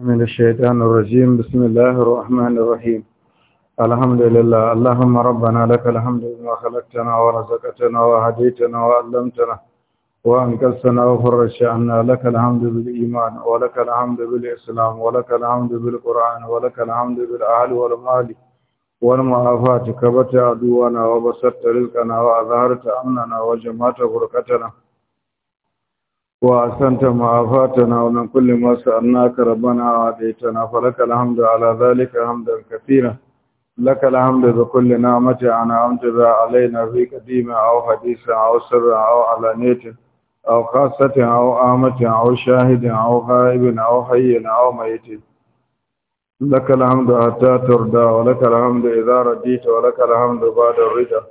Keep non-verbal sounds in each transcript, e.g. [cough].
من الشيطان الرجيم بسم الله الرحمن الرحيم الحمد لله اللهم ربنا لك الحمد بما خلقتنا ورزقتنا وهديتنا وعلمتنا وأنكسنا وفرش عنا لك الحمد بالإيمان ولك الحمد بالإسلام ولك الحمد بالقرآن ولك الحمد بالأهل والمال والمعافات كبت عدونا وبسطت رزقنا وأظهرت أمننا وجمعت بركتنا وأحسنت ما أفاتنا ومن كل ما سألناك ربنا وعديتنا فلك الحمد على ذلك حمدا كثيرا لك الحمد بكل نعمة أنعمت بها علينا في قديمة أو حديثة أو سر أو علانية أو خاصة أو آمة أو شاهد أو غائب أو حي أو ميت لك الحمد حتى تردى ولك الحمد إذا رديت ولك الحمد بعد الرجل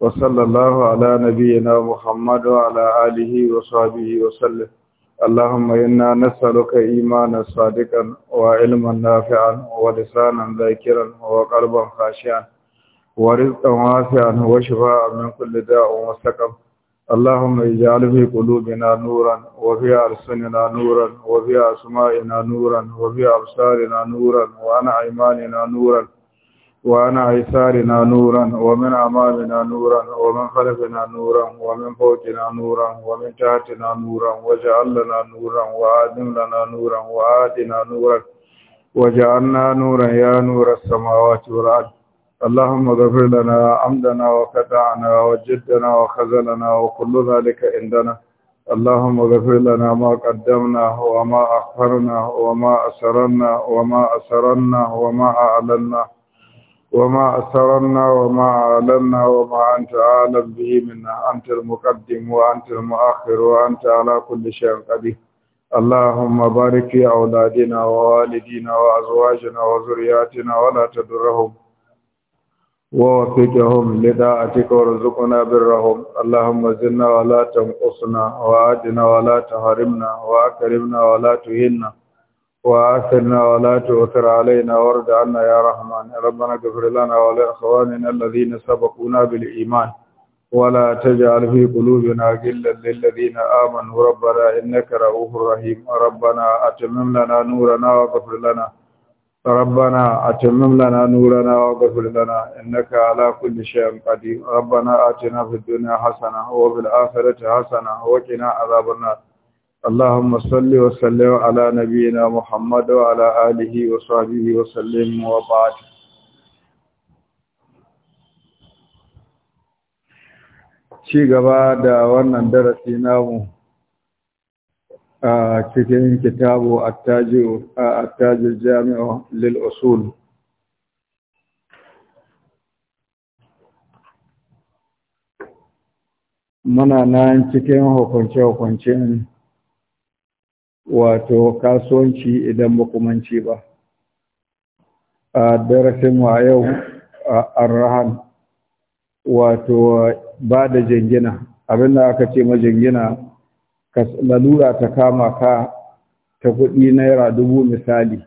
وصلى الله على نبينا محمد وعلى آله وصحبه وسلم اللهم إنا نسألك إيمانا صادقا وعلما نافعا ولسانا ذاكرا وقلبا خاشعا ورزقا واسعا وشفاء من كل داء وسقم اللهم اجعل في قلوبنا نورا وفي ألسننا نورا وفي أسمائنا نورا وفي أبصارنا نورا وعن أيماننا نورا وعن أيسارنا نورا ومن أمامنا نورا ومن خلفنا نورا ومن فوقنا نورا ومن تحتنا نورا وجعل لنا نورا وآدم لنا نورا وآتنا نورا وجعلنا نورا يا نور السماوات والأرض اللهم اغفر لنا عمدنا وقطعنا وجدنا وخزلنا وكل ذلك عندنا اللهم اغفر لنا ما قدمنا وما أخرنا وما أسررنا وما أسررنا وما أعلنا وما أسررنا وما أعلنا وما أنت أعلم به منا أنت المقدم وأنت المؤخر وأنت على كل شيء قدير اللهم بارك في أولادنا ووالدينا وأزواجنا وزرياتنا ولا تدرهم ووفقهم لداعتك ورزقنا برهم اللهم زلنا ولا تنقصنا وعادنا ولا تهرمنا وأكرمنا ولا تهنا وآثرنا ولا تؤثر علينا وارد عنا يا رحمن ربنا اغفر لنا ولإخواننا الذين سبقونا بالإيمان ولا تجعل في قلوبنا غلا للذين آمنوا ربنا إنك رؤوف رحيم ربنا أتمم لنا نورنا واغفر لنا ربنا أتمم لنا نورنا واغفر لنا إنك على كل شيء قدير ربنا آتنا في الدنيا حسنة وفي الآخرة حسنة وقنا عذاب النار اللهم صل وسلم على نبينا محمد وعلى اله وصحبه وسلم وبعد ci gaba da wannan darasi namu a cikin kitabu attajir jami'a lil usul mana nan cikin hukunce-hukuncen wato kasuwanci idan ba ci ba a darasin a yau arrahan wato ba da jingina abinda aka ce majingina lalura ta kama ka ta kuɗi naira dubu misali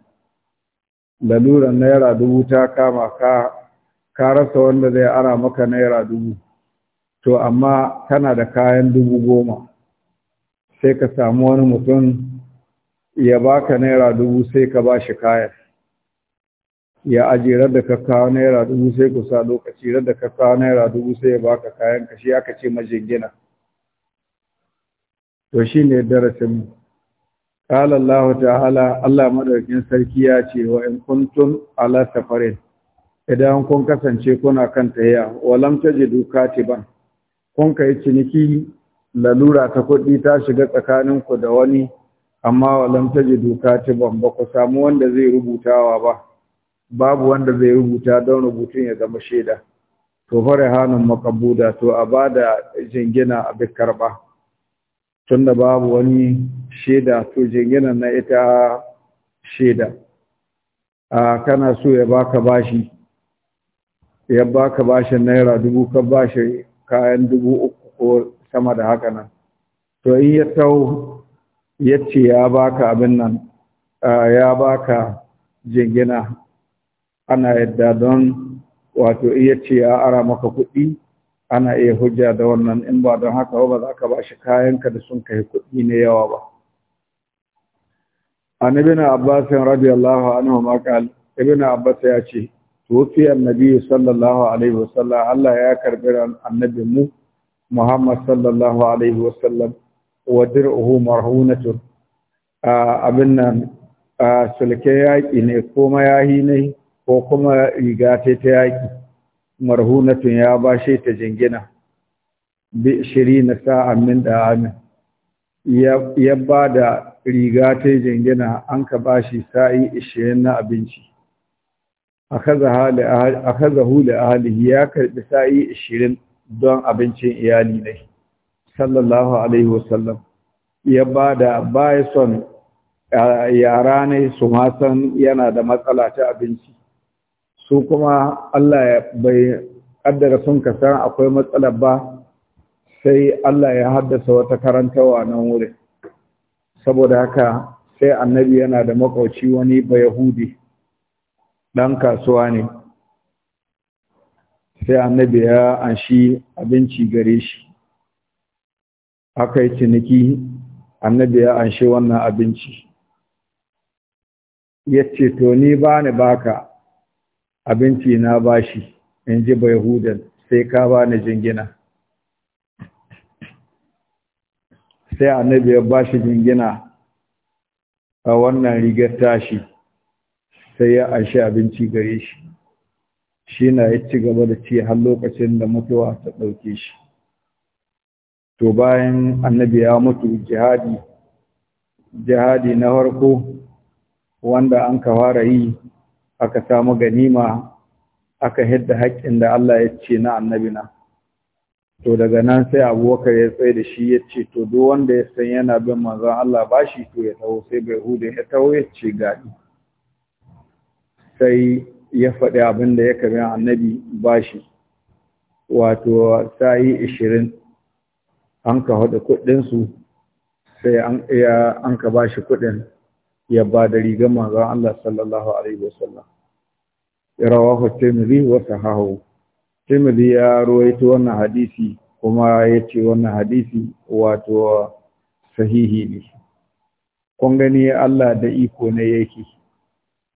Lalura naira dubu ta kama ka ka rasa wanda zai ara maka naira dubu to amma kana da kayan dubu goma sai ka samu wani mutum ya baka naira dubu sai ka ba shi kayan ya ajiye da ka kawo naira dubu sai ku sa lokaci da ka kawo naira dubu sai ya baka kayan ka shi aka ce majingina to shi ne darasin mu قال الله تعالى Allah madaukin sarki ya ce wa in kuntum ala safarin idan kun kasance kuna kan tahiya walam tajidu katiban kun kai ciniki lalura ta kuɗi ta shiga tsakaninku da wani amma walam tajidu katiban ba ku samu wanda zai rubutawa ba babu wanda zai rubuta don rubutun ya zama shaida to fara hannun makabuda to a ba da jingina a bikarba tunda babu wani shaida to jingina na ita shaida a kana so ya baka bashi ya baka bashin naira dubu ka bashi kayan dubu uku ko sama da haka nan to in ya tau yace ya baka abin nan ya baka jingina ana yadda don wato iya ce ya ara maka kuɗi ana iya hujja da wannan in ba don haka ba za ka ba shi kayanka da sun kai kuɗi ne yawa ba annabi na abbas radiyallahu anhu ma qal ibn abbas ya ce tufi nabi sallallahu alaihi wasallam Allah ya karbi annabi mu Muhammad sallallahu alaihi wasallam ودرعه مرهونة marhunatun abin nan yaƙi ne يغاتي mayahi ne ko kuma riga ta ta yaƙi دعام ya bashe ta jingina ya ba an ka bashi sa'i ishirin na abinci a kaza hula ahalihi ya karbi sa'i 20 don abincin iyali ne sallallahu alaihi wasallam ya ba da baya son yara ne su san yana da matsala ta abinci su kuma Allah ya bai kaddara sun san akwai matsala ba sai Allah ya haddasa wata karantawa nan wuri. saboda haka sai annabi yana da makauci wani ba yahudi ɗan kasuwa ne sai annabi ya anshi abinci gare shi aka yi ciniki annabi ya anshi wannan abinci ya ce to ni ba ni baka abinci na bashi in ji bai hudan sai ka ba ni jingina sai annabi ya bashi jingina a wannan rigar tashi sai ya anshi abinci gare shi shi na ya ci gaba da ci har lokacin da mutuwa ta ɗauke shi to bayan annabi ya mutu jihadi jihadi na farko wanda an ka fara yi aka samu ganima aka hidda haƙƙin da Allah ya ce na annabi na to daga nan sai abubakar ya tsaye da shi ya ce to duk wanda ya san yana bin manzon Allah bashi to ya taho sai bai hude ya taho ya ce gaɗi sai ya faɗi abin da ya kamin annabi bashi wato sa'i ashirin. an ka haɗa kuɗinsu sai an iya an ka ba shi kuɗin ya ba da rigar manzon Allah sallallahu alaihi wasallam rawahu tirmidhi wa sahahu tirmidhi ya rawaito wannan hadisi kuma ya ce wannan hadisi wato sahihi ne kun gani Allah da iko ne yake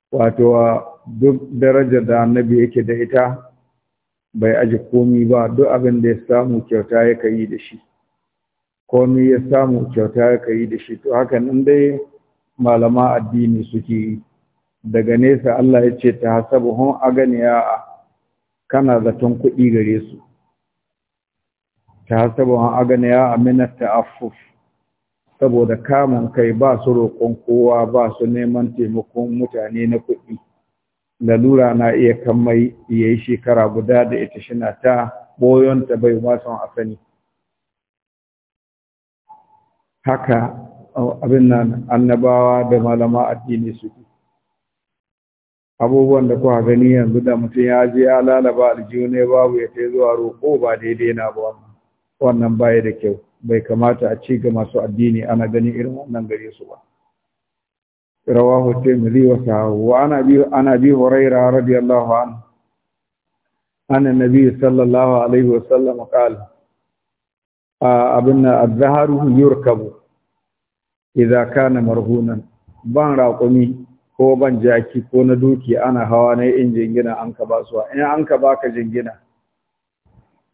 wato duk daraja da annabi yake da ita bai aji komi ba duk abin da ya samu kyauta yake yi da shi komi ya samu kyauta ka yi da shi to hakan in dai malama addini suke daga nesa Allah ya ce ta hasabu ya aganiya kana zaton kuɗi gare su ta hasabu ya aganiya minasta afuf saboda kamun kai ba su roƙon kowa ba su neman taimakon mutane na kuɗi lalura na iya kammai yayi shekara guda da ita shina ta boyonta bai wasan a sani haka abin nan annabawa da malama addini suke abubuwan da kuka gani yanzu da mutum ya je ya lalaba aljihu ne babu ya kai zuwa roƙo ba daidai na ba wannan baya da kyau bai kamata a ci ga masu addini ana ganin irin wannan gare su ba rawahu tirmidhi wa sahahu wa ana bi ana bi hurairah radiyallahu anhu أن sallallahu alaihi wa sallam qala abinna adh الظهر yurkabu idza kana marhunan ban raƙumi ko ban jaki ko na duki ana hawa ne in jingina an ka ba su in an ka baka jingina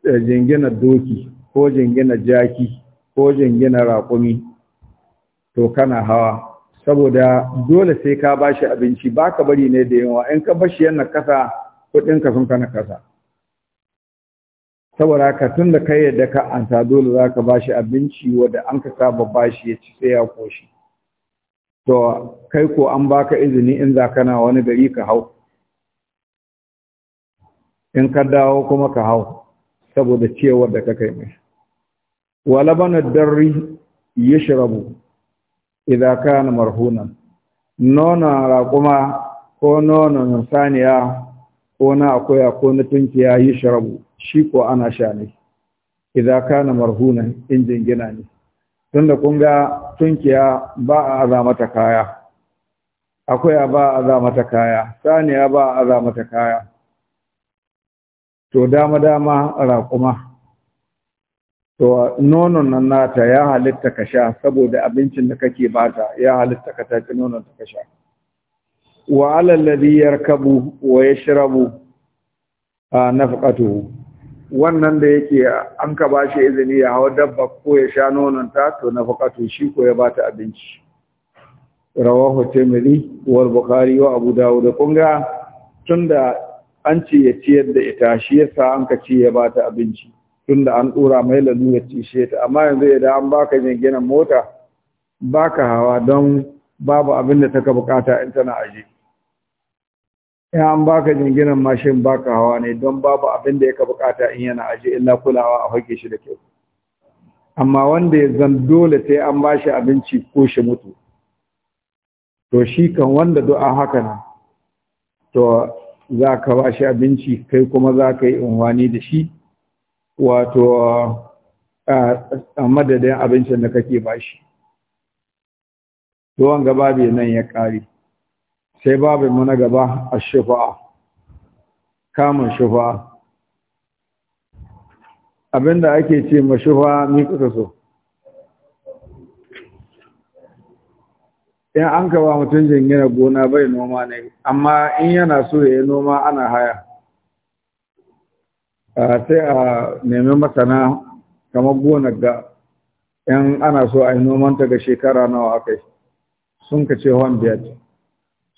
eh, jingina doki ko jingina jaki ko jingina raƙumi to kana hawa saboda dole sai ka bashi abinci baka bari ne da yawa in ka bashi yana kasa kuɗinka sun kana kasa saboda ka tun da kai yadda ka ta dole za ka bashi abinci wadda an ka saba bashi ya ci sai ya koshi to kai ko an baka izini in za kana wani gari ka hau in ka dawo kuma ka hau saboda ciyawar da ka kai mai wa labanar darri ya shirabu idan na marhunan nonon raƙuma ko nonon saniya ko na akwai ko na ya yi sharabu shi ko ana sha ne idza kana marhuna in jingina ne tunda kun ga tunkiya ba a aza mata kaya akwai ba a aza mata kaya saniya ba a aza kaya to dama dama raƙuma to nonon nan nata ya halitta ka sha saboda abincin da kake bata ya halitta ka taci nonon ta ka sha wa alal ladhi yarkabu wa yashrabu wannan da yake an ka bashi izini ya hawa dabba ko ya sha nonon ta to nafqatu shi ko ya bata abinci rawahu tirmidhi wal bukhari wa abu dawud kunga tunda an ce ya ciyar da ita shi yasa an ka ce ya bata abinci tunda an dora mai ci shi ta amma yanzu idan an baka jingina mota baka hawa don babu abin da taka bukata in tana aje in an baka jinginan mashin baka hawa ne don babu abin da yaka bukata in yana aje illa kulawa a hake shi da kyau amma wanda ya zan dole sai an ba bashi abinci ko shi mutu to shi kan wanda du'a haka na, to za ka ba shi abinci kai kuma za ka yi unwani da shi wato a madadin abincin da kake ba shi. Don gaba bai nan ya kare sai babu mu na gaba a shafa'a kamun shafa'a abinda ake ce ma shafa'a mi kusa so Yan an ka ba mutum jingina gona bai noma ne amma in yana so ya yi noma ana haya sai a nemi masana kamar gonar ga yan ana so a yi ta ga shekara nawa akai sun ka ce hon biyar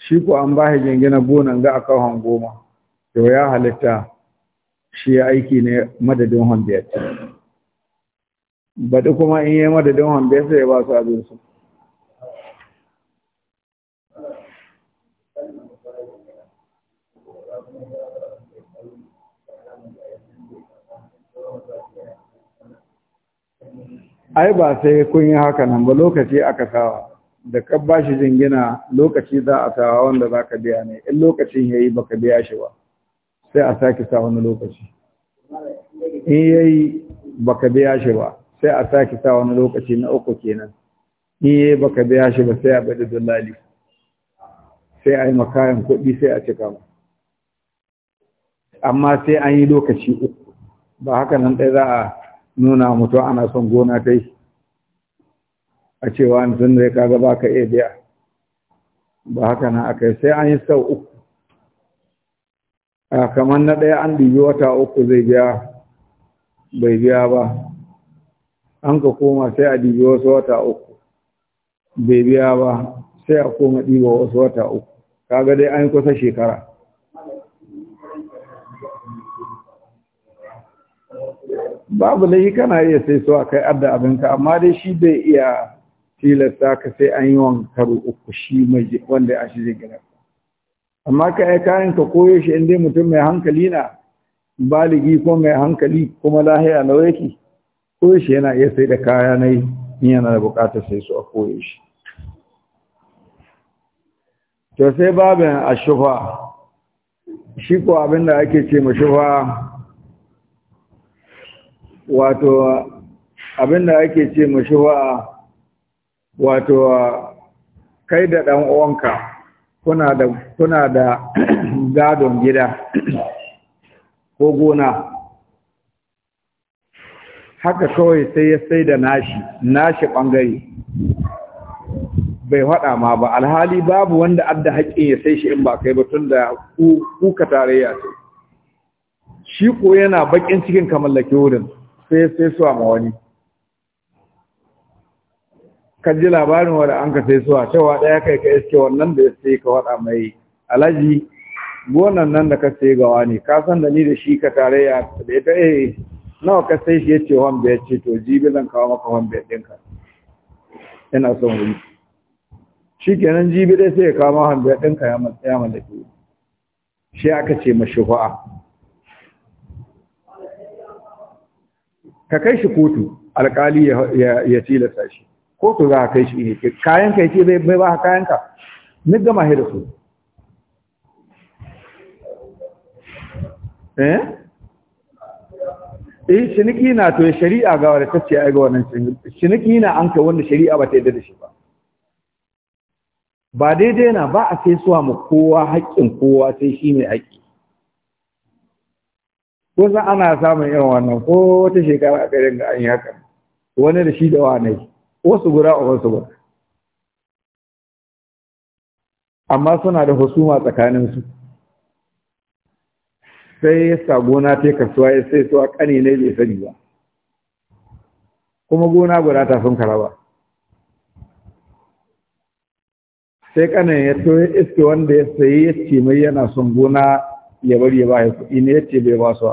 shi ko an ba shi jingina gonan ga aka hon goma to ya halitta shi ya aiki ne madadin hon biyar baɗi kuma in yi madadin hon biyar sai ya ba su abin su ai ba sai kun yi haka nan ba lokaci aka sawa da ka ba shi jingina lokaci za a sawa wanda za ka biya ne in lokacin ya yi ba ka biya shi ba sai a sake sa wani lokaci in ya yi ba ka biya shi ba sai a sake sa wani lokaci na uku kenan in ya yi ba ka biya shi ba sai a bada dalali sai a yi makayan kuɗi sai a cika mu amma sai an yi lokaci uku ba haka nan ɗaya za a nuna mutu ana son gona ta yi a cewa an zai kaga ba ka iya biya ba haka na aka yi sai an yi sau uku a kamar na ɗaya an dubi wata uku zai biya bai biya ba an ka koma sai a dubi wasu wata uku bai biya ba sai a koma ɗiba wasu wata uku kaga dai an yi kusa shekara babu yi kana iya sai so a kai adda abinka amma dai shi bai iya tilasta ka sai an yi wani karo uku shi mai wanda a shi zai gina amma ka yi kayan ka koyo shi inda mutum mai hankali na baligi ko mai hankali kuma lahiya na yake koyo shi yana iya sai da kaya na yi yana da bukatar sai su a koyo shi to sai babin a shufa shi ko abin da ake ce ma shufa wato abin da ake ce ma shufa wato kai da ɗan uwanka kuna da kuna da [clears throat] gadon gida ko gona haka kawai sai ya sai da nashi nashi ɓangare bai haɗa ma ba alhali babu wanda adda haƙƙin ya sai shi in ba kai ba tun da kuka tarayya ce shi ko yana baƙin cikin ka wurin sai sai suwa ma wani ka ji labarin wani an ka sai suwa cewa ɗaya kai ka iske wannan da ya sai ka waɗa mai alaji gonan nan da ka sai gawa ne ka san da ni da shi ka tare ya da ita eh nawa ka sai shi ya ce wan ya ce to jibi zan kawo maka wan biyar ɗinka ina son wuri shi kenan jibi dai sai ya kawo maka wan biyar ɗinka ya ke? shi aka ce mashi fa'a ka kai shi kotu alkali ya tilasta shi ko to za kai shi ne eh, kayan ka ce bai ba kayan ka ni gama he da su eh eh shiniki na to shari'a ga wanda tace ai ga wannan shiniki na an kai wanda shari'a ba ta yarda da shi ba ba daidai na ba a sai suwa mu kowa haƙƙin kowa sai shi ne haƙƙi ko san ana samun irin wannan ko wata shekara a garin ga an yi haka wani da shi da wani. wasu guda a wasu ba. amma suna da husuma tsakaninsu sai ya sa gona ta kasuwa ya sai suwa ƙane ne bai sani ba kuma gona guda ta sun karaba sai ƙanan ya to ya iske wanda ya sayi ya ce mai yana son gona ya bari ya ba ya kuɗi ne ya ce bai ba su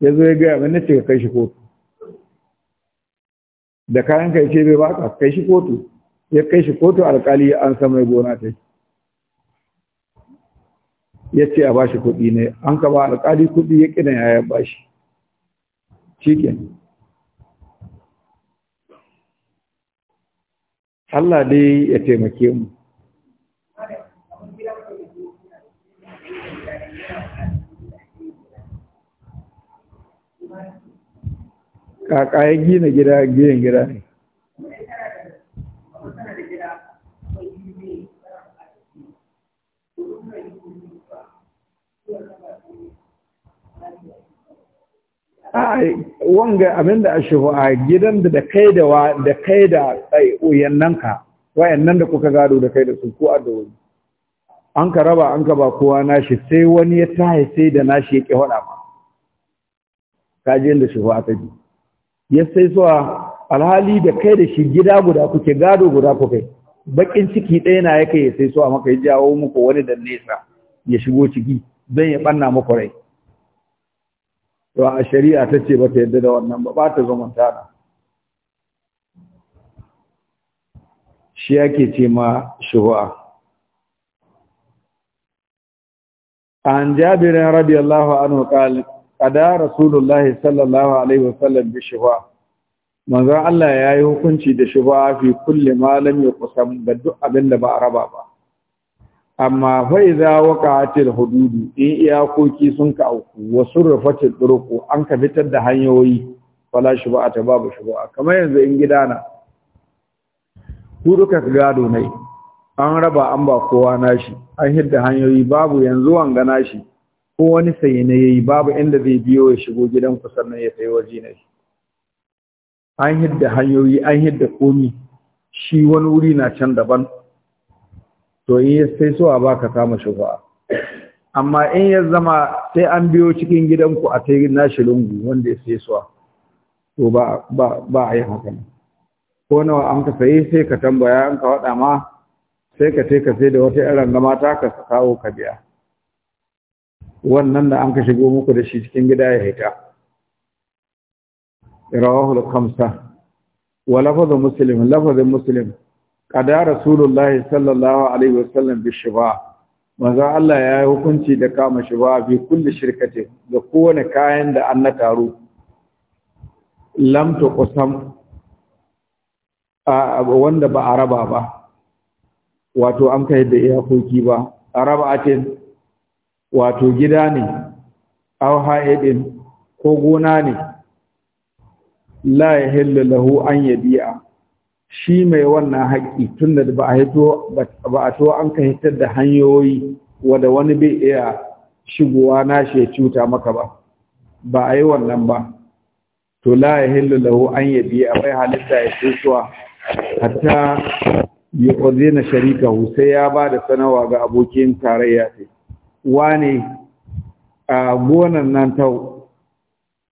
ya zo ya gaya mai na ce ka kai shi kotu da kayan kai ce bai baka kai shi kotu ya kai shi kotu alkali an san mai gona ta ya ce a bashi kuɗi ne an ka ba alkali kuɗi ya ƙina ya bashi shikenan Allah dai ya taimake mu kaka ya gina gida gidan gida ne wanga abinda a shi a gidan da kai da wa da kai da nan ka nan da kuka gado da kai da su ko da wani an ka raba an ka ba kowa nashi sai wani ya tahi sai da nashi ya ki hada ma kajin da shi a ta biyu ya sai zuwa alhali da kai da shi gida guda kuke gado guda kuke bakin ciki ɗaya na ya ya sai zuwa maka ya jawo muku wani da nesa ya shigo ciki don ya ɓanna muku rai to a shari'a ta ce ba ta yadda da wannan ba ba ta zumunta na shi yake ce ma shuhu'a عن جابر رضي الله عنه قال kada rasulullahi sallallahu alaihi wasallam bi shuba manzon Allah ya yi hukunci da shuba fi kulli ma lam yuqsam da duk abin da ba a raba ba amma fa idza waqa'atil hududu in iyakoki sun ka auku wa surfatil turuqu an ka fitar da hanyoyi wala shuba ta babu shuba kamar yanzu in gidana ku duka gado nai an raba an ba kowa nashi an hidda hanyoyi babu yanzu wanga nashi ko wani saye na yayi babu inda zai biyo ya shigo gidan ku sannan ya sayi waje na shi an hidda hanyoyi an hidda komi shi wani wuri na can daban to in ya sai so a baka samu shufa amma in ya zama sai an biyo cikin gidanku a tai nashi lungu wanda ya sai suwa to ba ba ba a yi haka ko nawa an ka sayi sai ka tambaya an ka wada ma sai ka tai ka sai da wata irin gama ta ka kawo ka biya wannan da an ka shigo muku da shi cikin gida ya haita. rawahul khamsa wa lafazin muslim lafazu muslim kada rasulullahi sallallahu alaihi wasallam bi shiba manzo Allah ya yi hukunci da kama shiba bi kulli shirkati da kowane kayan da an na taro lam to a wanda ba araba ba wato an kai da iyakoki ba araba ake. wato gida ne aw ha'idin ko gona ne la yahillu lahu an yabi'a shi mai wannan haƙƙi tunda ba a hito ba a to an ka hitar da hanyoyi wanda wani bai iya shigowa na shi ya cuta maka ba ba a yi wannan ba to la yahillu lahu an yabi'a bai halitta ya tsuwa hatta yi ozina sharikahu sai ya ba da sanawa ga abokin tarayya sai wane a gonan nan ta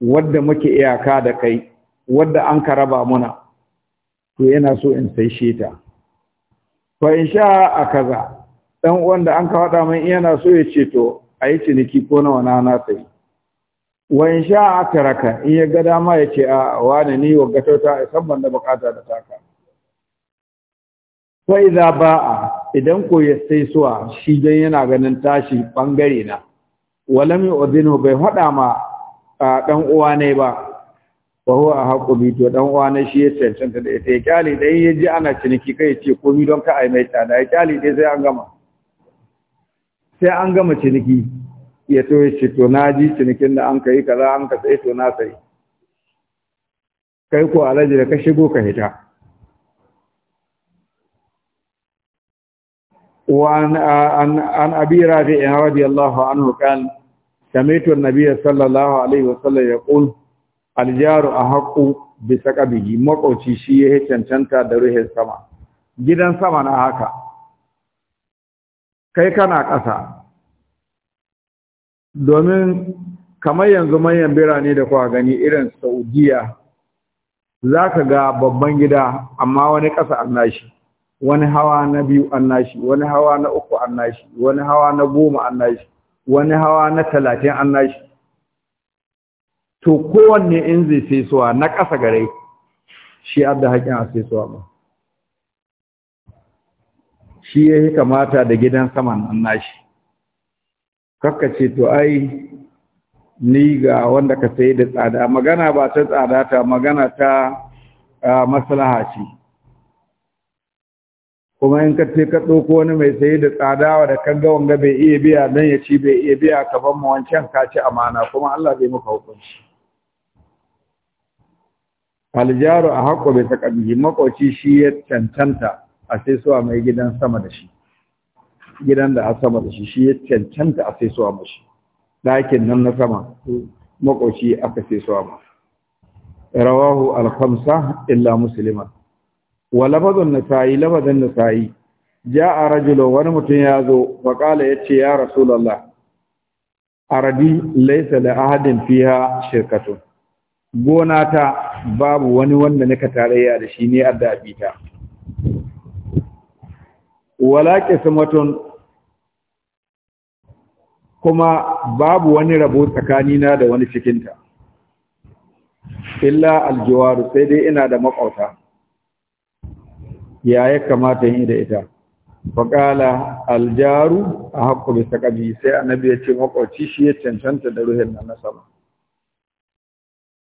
wadda muke iyaka da kai wadda an ka raba muna to yana so in sai shi ta fa in a kaza dan uwan da an ka faɗa min yana so ya ce to a yi ciniki ko nawa na na sai wa in sha a taraka in ya ga dama ya ce a wani ni wa gatauta a sabban da bukata da taka za ba ba'a idan ko ya sai suwa shi don yana ganin tashi ɓangare na Walami Odino bai haɗa ma a uwa ne ba wa huwa ahqqu bi to dan uwa ne shi ya cancanta da ita ya kyale dai ya ji ana ciniki kai ce komi don ka yi mai tsada ya kyale dai sai an gama sai an gama ciniki ya to ya ce to na ji cinikin da an yi kaza an ka sai to na sai kai ko alaji da ka shigo ka hita وعن عن عن ابي رافع رضي الله عنه قال سمعت النبي صلى الله عليه وسلم يقول الجار احق بسقبه مقوci shi yake cancanta da ruhin sama gidan sama na haka kai kana ƙasa domin kamar yanzu manyan birane da kuwa gani irin saudiya za ka ga babban gida amma wani ƙasa an annashi wani hawa na biyu an nashi wani hawa na uku an nashi wani hawa na goma an nashi wani hawa na talatin an nashi to kowanne in zai sai na ƙasa gare shi abda haƙin a sai ba shi ya yi kamata da gidan saman an nashi ce to ai ni ga wanda ka sayi da tsada magana ba ta tsada ta magana ta maslaha ce kuma in ka ce ka ɗauko wani mai sayi da tsadawa da kan gawan ga bai iya biya don ya ci bai iya biya ka ban mu wancan ka ci amana kuma Allah zai maka hukunci aljaru a haƙo bai ta ƙabihi shi ya cancanta a sai suwa mai gidan sama da shi gidan da a sama da shi shi ya cancanta a sai suwa mashi ɗakin nan na sama makoci aka sai suwa ma rawahu al-khamsa illa musliman wa lafazun nasa'i lafazin nasa'i ja'a rajulun wani mutum ya zo faqala yace ya rasulullah aradi laysa da ahadin fiha shirkatu. gona ta babu wani wanda nika tarayya da shi ne adda abita wala qismatun kuma babu wani rabo tsakanina da wani cikinta illa aljiwaru sai dai ina da makauta ya ya kamata yi da ita faƙala aljaru a haƙƙo bisa ƙabi sai annabi ya ce makwauci shi ya cancanta da ruhin nan na sama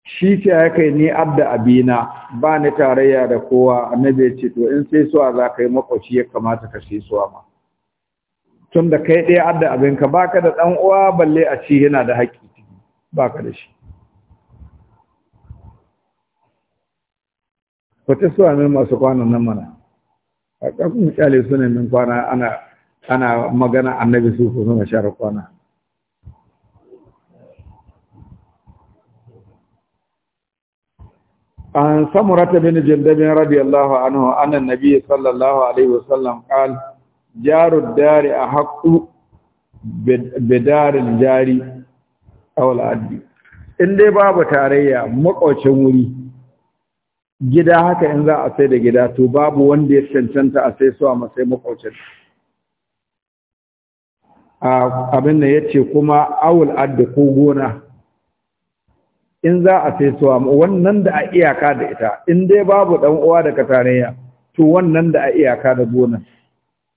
shi ce ya kai ni abda abina ba ni tarayya da kowa annabi ya ce to in sai suwa za ka yi makwauci ya kamata ka sai suwa ma tun da kai ɗaya adda abinka ba ka da ɗan uwa balle a ci yana da haƙƙi ba ka da shi ku ta suwa min masu kwanan nan mana a ƙarfin kyale suna min kwana ana ana magana annabi su ko suna share kwana an rata bin jindabin radiyallahu anhu annan nabi sallallahu alaihi wasallam kal jaru dari a haqqu bedarin jari a wala'addi. in dai babu tarayya makwacin wuri gida haka in za a sai da gida to babu wanda ya cancanta a sai suwa masai makwacin abin da ya ce kuma awul adda ko gona in za a sai suwa wannan da a iyaka da ita in dai babu dan uwa da katarayya to wannan da a iyaka da gona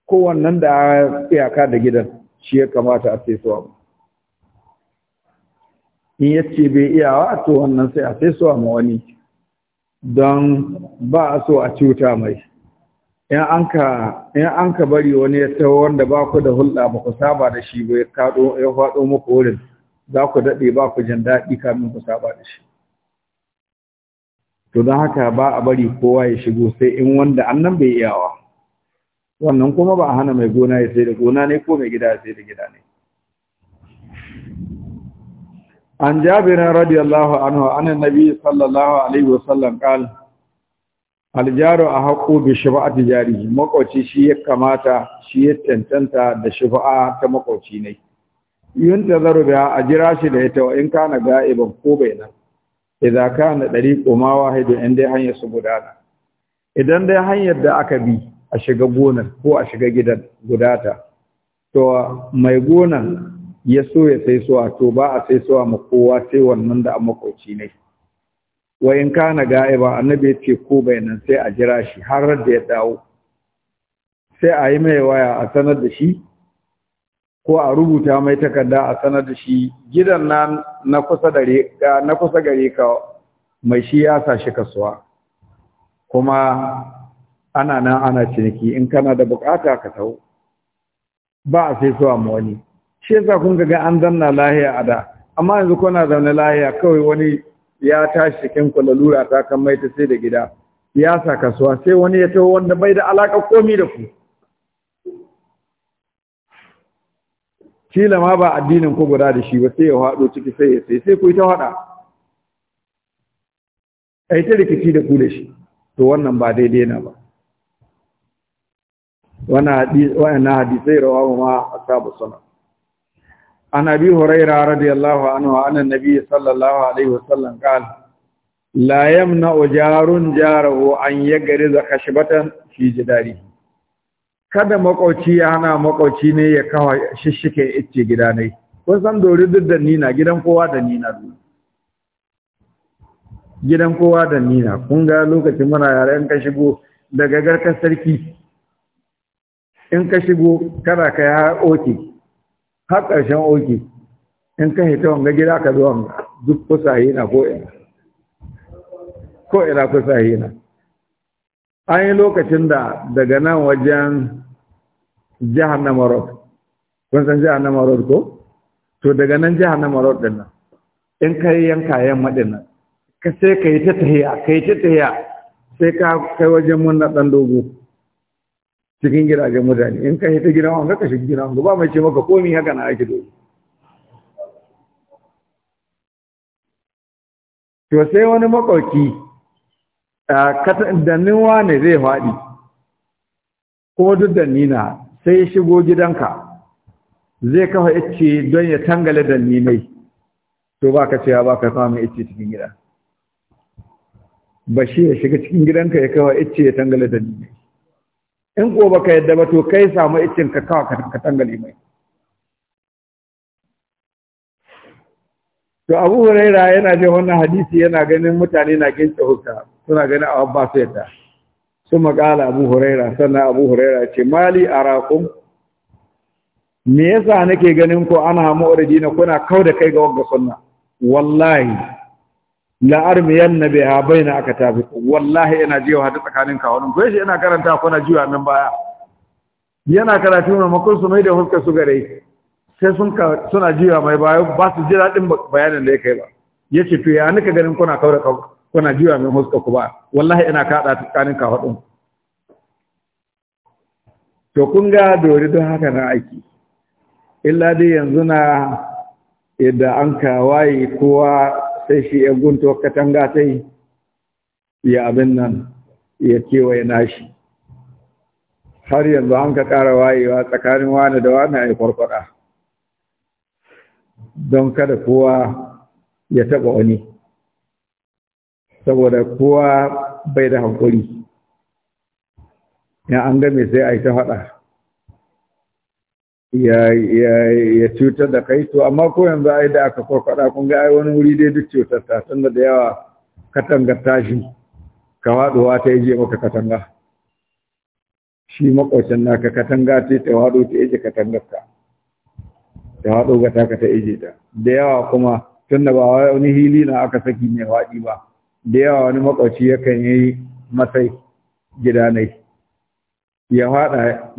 ko wannan da a iyaka da gidan shi ya kamata a sai suwa in yace bai iyawa to wannan sai a sai suwa ma wani don ba a so a cuta mai in an ka bari wani ya ta wanda ba ku da hulɗa ba ku saba da shi ba ya faɗo muku wurin za ku daɗe ba ku jin daɗi kamin ku saba da shi to don haka ba a bari kowa ya shigo sai in wanda annan bai iyawa wannan kuma ba a hana mai gona ya sai da gona ne ko mai gida ya sai da gida ne عن جابر رضي الله عنه عن النبي صلى الله عليه وسلم قال aljaru a haƙo bi shafa'ati jarihi makwauci shi ya kamata shi ya cancanta da shafa'a ta makwauci ne yun tazaru a jira shi da ita in kana ga'iban ko bai nan idan kana dari komawa haidu in dai hanyar su gudana idan dai hanyar da aka bi a shiga gonar ko a shiga gidan gudata to mai gonan ya so ya sai suwa to ba a sai suwa ma kowa sai wannan da an makwauci ne wa in ga'i ba annabi ya ce ko bai nan sai a jira shi har da ya dawo sai a yi mai waya a sanar da shi ko a rubuta mai takarda a sanar da shi gidan nan na kusa dare na kusa gare ka mai shi ya sa kasuwa kuma ana nan ana ciniki in kana da bukata ka tau ba a sai suwa ma wani shi yasa kun ga an danna lahiya a da amma yanzu kuna zaune lahiya kawai wani ya tashi cikin kwalalura ta kan mai ta sai da gida ya sa kasuwa sai wani ya taho wanda bai da alaƙa komi da ku kila ma ba addinin ku guda da shi ba sai ya haɗo ciki sai ya sai sai ku yi ta haɗa a yi ta rikici da ku da shi to wannan ba daidai na ba wannan hadisai rawawa ma a sabu عن ابي هريره رضي الله عنه عن النبي صلى الله عليه وسلم قال لا يمنع جار جاره ان يغرز خشبه في جداره kada makauci ya hana makauci ne ya kawo shishike icce gida ne kun san dori duk da nina gidan kowa da nina gidan kowa da nina kun ga lokacin muna yare in ka shigo daga garkar sarki in ka shigo kada ka ya oke har ƙarshen oki in ka hita wanga gida ka zo wanga duk kusaye na ko'ina ko'ina kusaye na an yi lokacin da daga nan wajen jihar na marot kun san jihar na marot ko to daga nan jihar marot din nan in ka yi yanka yamma maɗin nan ka sai ka yi ta tahiya ka yi ta tahiya sai ka kai wajen mun na ɗan dogo cikin gidajen mutane in ka hita gidan wanda ka shiga gidan wanga ba mai ce maka komi haka na ake dole to sai wani makauki da nuwa ne zai faɗi kuma duk da nina sai ya shigo gidanka zai kafa ice don ya tangale da ninai to ba ka cewa ba ka samu ice cikin gida ba shi ya shiga cikin gidanka ya kafa ice ya tangale da ninai in ko baka yadda ba to kai samu icin ka kawa ka tangale mai to abu huraira yana jin wannan hadisi yana ganin mutane na gince hukka suna ganin a ba su yadda su makala abu huraira sannan abu huraira ce mali arakum me yasa nake ganin ko ana hamu na kuna kau da kai ga wanga sunna wallahi la'armiyan na bai abai na aka tafi wallahi yana jiwa hadu tsakanin kawunan ko shi yana karanta kuna jiwa nan baya yana karatu na makon su mai da huska su gare sai suna jiwa mai baya ba su ji daɗin bayanin da ya kai ba ya ce to ya nika ganin kuna kaura kuna jiwa mai huska ku ba wallahi yana kaɗa tsakanin kawunan to kun ga dori don haka na aiki illa dai yanzu na idan an kawaye kowa sai shi ya gunto katanga ta yi ya abin nan ya kewaye nashi har yanzu an ka ƙara wayewa tsakanin wani da wani a yi kwarkwada don kada kowa ya taɓa wani saboda kowa bai da hankuri ya an game sai a yi ta faɗa ya cutar da kai to amma ko yanzu ai da aka kwakwada kun ga ai wani wuri dai duk cutar ta tunda da yawa katanga tashi ka wadowa ta yaje maka katanga shi makwacin naka katanga ce ta wado ta yaje katangar ka ta wado ga taka ta yaje ta da yawa kuma tunda ba wani hili na aka saki mai wadi ba da yawa wani makwaci yakan yi matsayi gidanai ya faɗa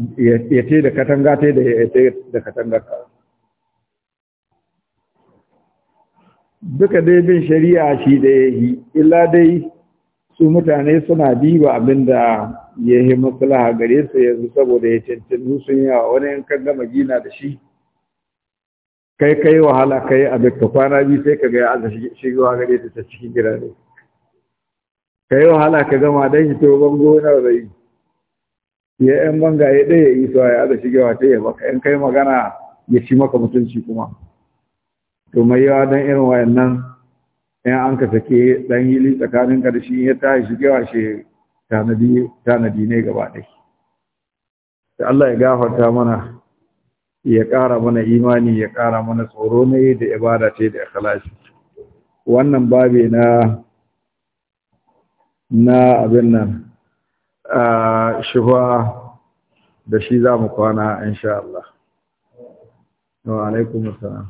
ya ce da katanga ta da ya ce da katangar ka duka dai bin shari'a shi da ya yi illa dai su mutane suna diba da ya yi maslaha gare su yanzu saboda ya cancanci sun wa wani yankan gama gina da shi kai kai wahala kai a ka kwana biyu sai ka gaya ya aza shigewa gare ta cikin gira ne kai wahala ka gama don hito bango na rai ya yan banga ya ɗaya so ya aza shigewa ta yi baka in kai magana ya ci maka mutunci kuma to mai yawa don irin wayannan in an ka sake ɗan hili tsakanin ka da shi ya ta shigewa shi tanadi tanadi ne gaba ɗaya da Allah ya gafarta mana ya ƙara mana imani ya ƙara mana tsoro ne da ibada ce da ikhlasi wannan babe na na abin nan shufa da shi za mu kwana insha Allah. Wa alaikum assalam.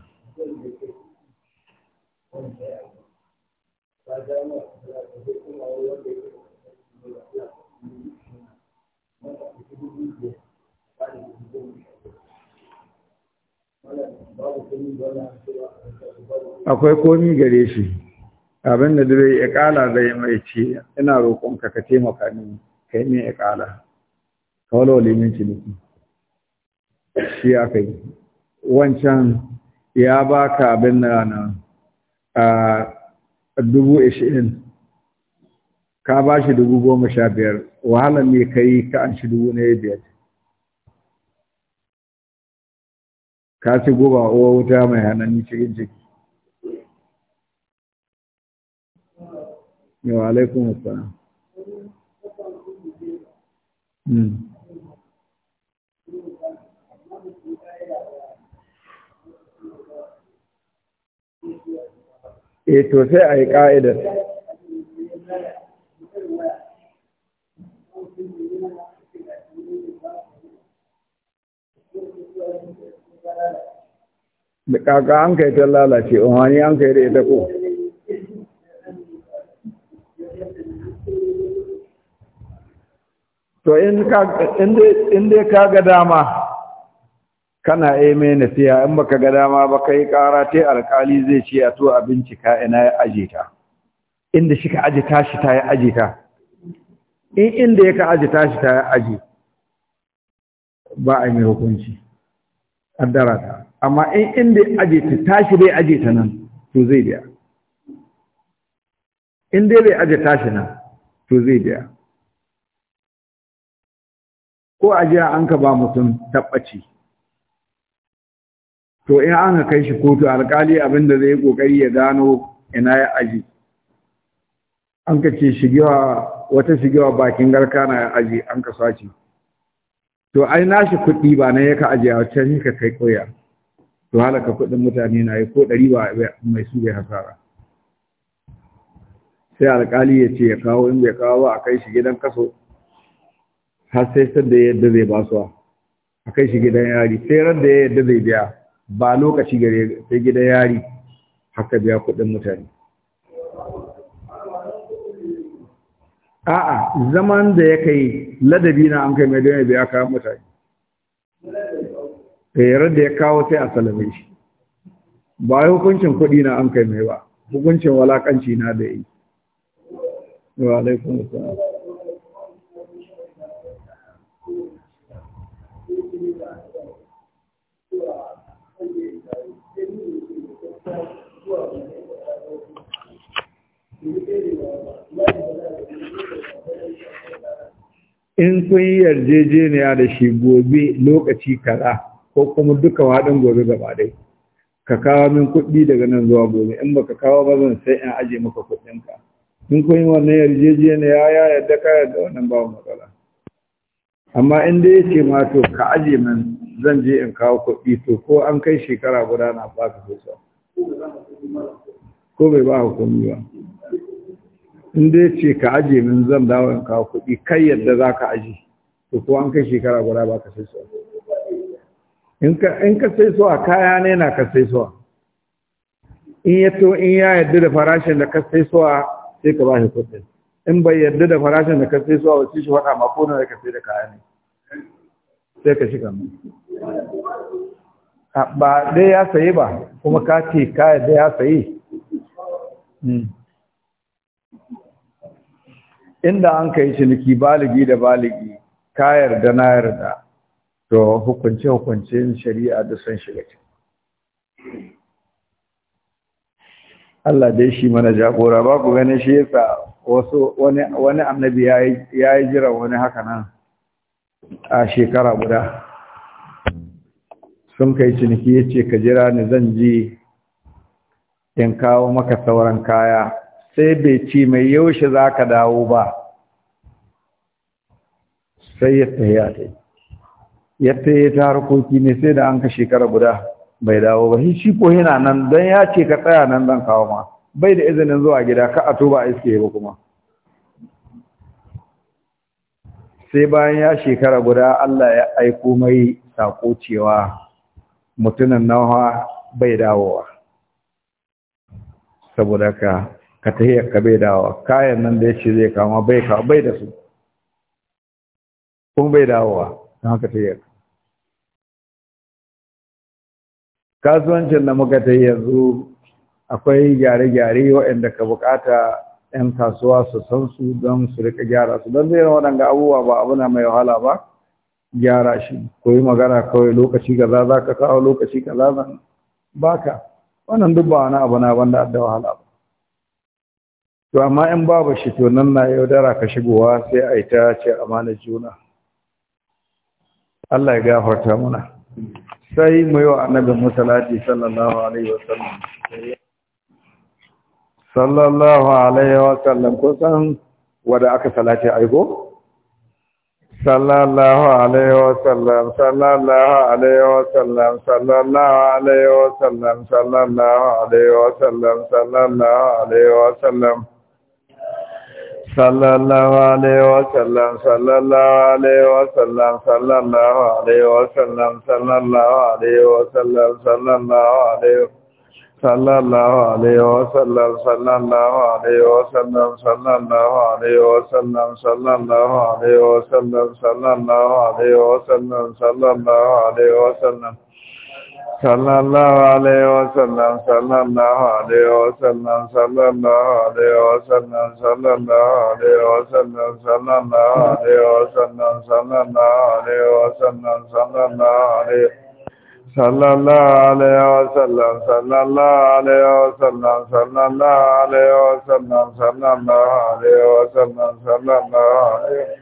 Akwai komi gare shi, abinda dare ya kala zai mai ce, ina roƙonka ka taimaka ni kai mai ikala kawalo limin ciniki shi aka yi wancan ya baka abin na a dubu ashirin ka ba shi dubu goma sha biyar wahala ne ka yi ka an shi dubu na biyar ka ci guba uwa wuta mai hannani cikin ciki yau alaikun wasu e to sai a yi ƙa'idar da ƙaƙa an kai ta lalace umarni an kai da ita ko to in dai ka ga dama kana aime na siya in baka ga dama ba ka yi kara ta alkali zai ce a to abinci ka ina ya aje ta inda shi ka aje tashi ta ya aje ta in inda ya ka aje tashi ta ya aje ba a yi mai hukunci addara ta amma in inda ya aje ta tashi bai aje ta nan to zai biya in dai bai aje tashi nan to zai biya ko ajiya an ka ba mutum tabbaci to in an ka kai shi kotu alkali abinda zai kokari ya gano ina ya aji an ka ce shigewa wata shigewa bakin garka na ya aji an ka sace to ai na shi kuɗi ba na ya ka aje a can ka kai koya to halaka kuɗin mutane na yi ko ɗari ba mai su bai hasara sai alkali ya ce ya kawo in bai kawo ba a kai shi gidan kaso har sai san da yadda zai basuwa a kai shi gidan yari sai ran da yadda zai biya ba lokaci gare sai gidan yari haka biya kuɗin mutane a'a zaman da ya kai ladabi na an kai mai don ya biya kayan mutane da eh, da ya kawo sai a salame shi ba hukuncin kuɗi na an kai mai ba hukuncin walakanci na da yi wa alaikun wasu in kun yi yarjejeniya da shi gobe lokaci kaza ko kuma duka waɗin gobe gaba dai ka kawo min kuɗi daga nan zuwa gobe in baka kawo ba zan sai in aje maka kuɗinka in kun yi wannan yarjejeniya ya yarda ka yarda wannan babu matsala amma in dai yake ma to ka aje min zan je in kawo kuɗi to ko an kai shekara guda na ba ka ko bai ba hukumi ba in dai ce ka aje min zan dawo in kawo kuɗi kai yadda za ka aje to ko an kai shekara guda ba ka sai suwa in ka sai suwa kaya ne na ka sai suwa in ya to in ya yadda da farashin da ka sai suwa sai ka ba shi kuɗi in bai yadda da farashin da ka sai suwa ba sai shi faɗa ma ko da ka sai da kaya ne sai ka shiga mu ba dai ya sayi ba kuma ka ce ka yadda ya sayi hmm. inda an kai ciniki baligi da baligi ka yarda na yarda to hukunce hukuncen shari'a da san shiga ciki Allah dai shi mana jagora ba ku ganin shi yasa wasu wani wani annabi ya yi jira wani haka nan a shekara guda sun kai ciniki ya ce ka jira ni zan ji in kawo maka sauran kaya sai bai ce mai yaushe za ka dawo ba sai ya tafi ya ya yi ta harkoki ne sai da an ka shekara guda bai dawo ba shi ko yana nan don ya ce ka tsaya nan don kawo ma bai da izinin zuwa gida ka a tuba iske ba kuma sai bayan ya shekara guda Allah ya aiko mai sako cewa mutumin nawa bai dawowa saboda ka ka tahiyar ka bai dawowa kayan nan da ya ce zai kama bai ka bai da su kuma bai dawowa don haka tahiyar kasuwancin da muka ta yanzu akwai gyare-gyare waɗanda ka bukata 'yan kasuwa su san su don su rika gyara su don zai waɗanda abubuwa ba abu na mai wahala ba gyara shi ko yi magana kawai lokaci kaza za ka kawo lokaci kaza zan baka wannan duk ba wani abu na wanda da wahala ba to amma in babu shi to nan na yaudara ka shigowa sai a yi ta ce amanar juna Allah ya gafarta muna sai mu yi wa annabin musalati sallallahu alaihi wasallam sallallahu alaihi wasallam kusan wanda aka salati aiko sallallahu alaihi wasallam sallallahu alaihi wasallam sallallahu alaihi wasallam sallallahu alaihi wasallam sallallahu alaihi wasallam sallallahu alaihi wa sallam sallallahu wa sallam sallallahu alaihi wa wa sallam sallallahu alaihi sallallahu wa sallam sallallahu alaihi wa wa sallam sallallahu alaihi wa wa sallam sallallahu alaihi wa wa sallam sallallahu alaihi wasallam sallallahu alaihi wasallam sallallahu alaihi wasallam sallallahu alaihi wasallam sallallahu alaihi wasallam sallallahu alaihi wasallam sallallahu alaihi sallallahu alaihi wasallam sallallahu alaihi wasallam sallallahu alaihi wasallam sallallahu alaihi wasallam sallallahu alaihi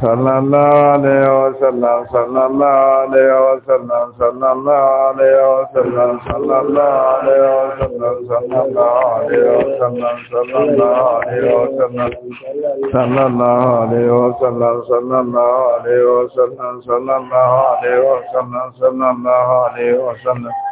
Sanana alaihi wa sallam sallallahu alaihi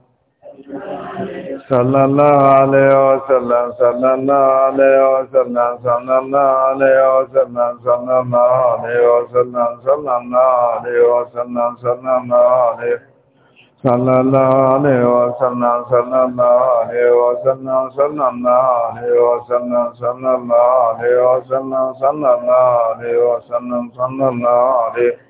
sallallahu alaihi wasallam sallallahu alaihi wasallam sallallahu alaihi wasallam sallallahu alaihi wasallam sallallahu alaihi wasallam sallallahu alaihi sallallahu alaihi wasallam sallallahu alaihi wasallam sallallahu alaihi wasallam sallallahu alaihi wasallam sallallahu alaihi wasallam sallallahu alaihi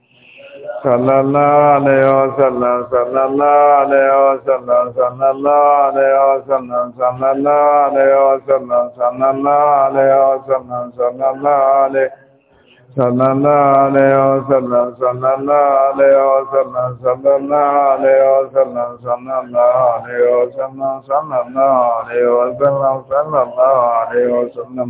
sallallahu alaihi wasallam sallallahu alaihi wasallam sallallahu alaihi wasallam sallallahu alaihi wasallam sallallahu alaihi wasallam sallallahu alaihi sallallahu alaihi wasallam sallallahu alaihi wasallam sallallahu alaihi wasallam sallallahu alaihi wasallam sallallahu alaihi wasallam sallallahu alaihi wasallam sallallahu alaihi wasallam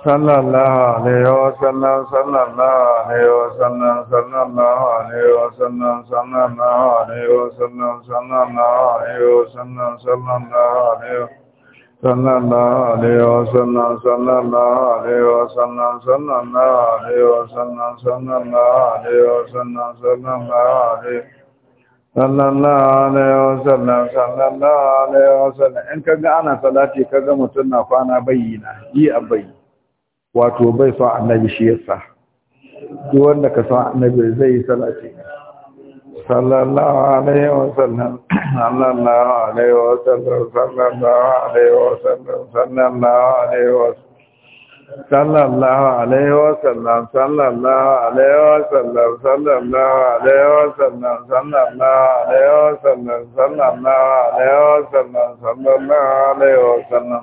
sallallahu alaihi wasallam sallallahu alaihi wasallam sallallahu alaihi wasallam sallallahu alaihi wasallam sallallahu alaihi wasallam sallallahu alaihi sallallahu alaihi wasallam sallallahu alaihi wasallam sallallahu alaihi wasallam sallallahu alaihi wasallam sallallahu alaihi sallallahu alaihi wasallam sallallahu alaihi wasallam in kaga ana salati kaga mutun na kwana bayyana yi abayi wato bai so annabi shi yasa duk wanda ka so annabi zai salati sallallahu alaihi wa sallam sallallahu alaihi wa sallam sallallahu alaihi wa sallam sallallahu alaihi wa sallallahu alaihi wa sallam sallallahu alaihi wa sallam sallallahu alaihi wa sallam sallallahu alaihi wa sallam sallallahu alaihi wa sallam sallallahu alaihi wa sallam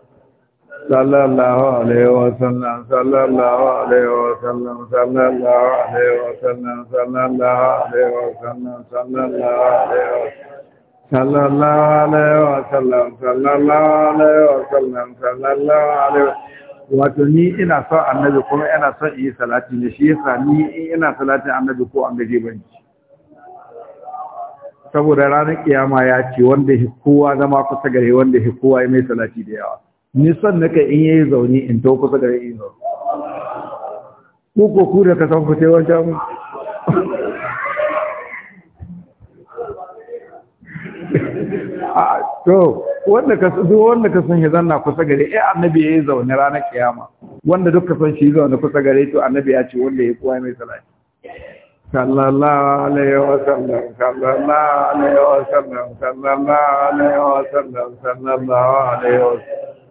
Sallallahu alaihi wa وسلم wato ni ina son annabi kuma ina son yi salati ne shi yasa ni ina salati annabi ko an gaje bane saboda ranar kiyama ya ce wanda kowa zama kusa gare wanda kowa ya mai salati da yawa nisan na kai in yayi zaune in to kusa da yayi zaune ko ko ku da ka san ku sai wancan ah, to wanda ka duk wanda ka san ya zanna kusa gare eh annabi yayi zaune ranar kiyama wanda duk ka san shi zaune kusa gare to annabi ya ce wanda ya kowa mai salati sallallahu alaihi wasallam sallallahu alaihi wasallam sallallahu alaihi wasallam sallallahu alaihi wasallam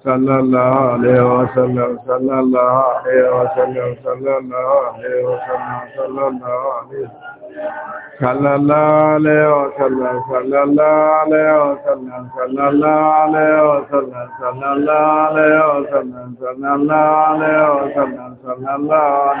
sallallahu alaihi wa sallam sallallahu alaihi wa sallam sallallahu alaihi wa sallam sallallahu alaihi sallallahu alaihi wa sallam sallallahu alaihi wa sallam sallallahu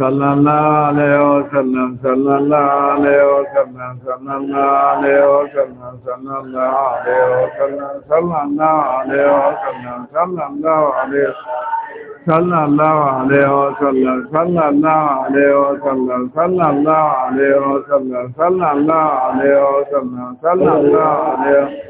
sallallahu alaihi wa sallam sallallahu alaihi wa sallam sallallahu alaihi wa sallam sallallahu alaihi wa sallam sallallahu alaihi wa sallam sallallahu alaihi wa sallallahu alaihi wa sallam sallallahu alaihi wa sallam sallallahu alaihi wa sallam sallallahu alaihi wa sallam sallallahu alaihi wa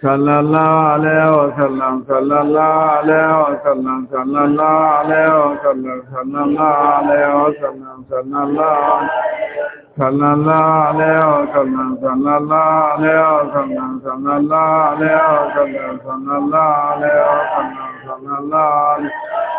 sallallahu alaihi wa sallam sallallahu alaihi wa sallam sallallahu alaihi wa sallam sallallahu alaihi wa sallam sallallahu sallallahu alaihi wa sallam sallallahu alaihi wa sallam sallallahu alaihi wa sallam sallallahu alaihi wa sallam sallallahu alaihi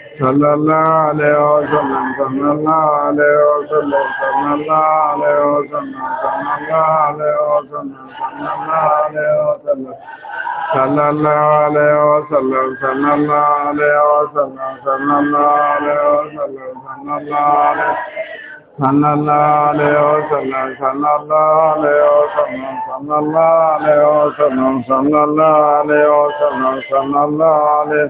သမ္မာလာလေယောသမ္သမလာလေယောသမ္သမလာလေယောသမ္သမလာလေယောသမ္သမလာလေယောသမ္သမလာလေယောသမ္သမလာလေယောသမ္သမလာလေယောသမ္သမလာလေသမ္မာလာလေယောသမ္သမလာလေယောသမ္သမလာလေယောသမ္သမလာလေယောသမ္သမလာလေယော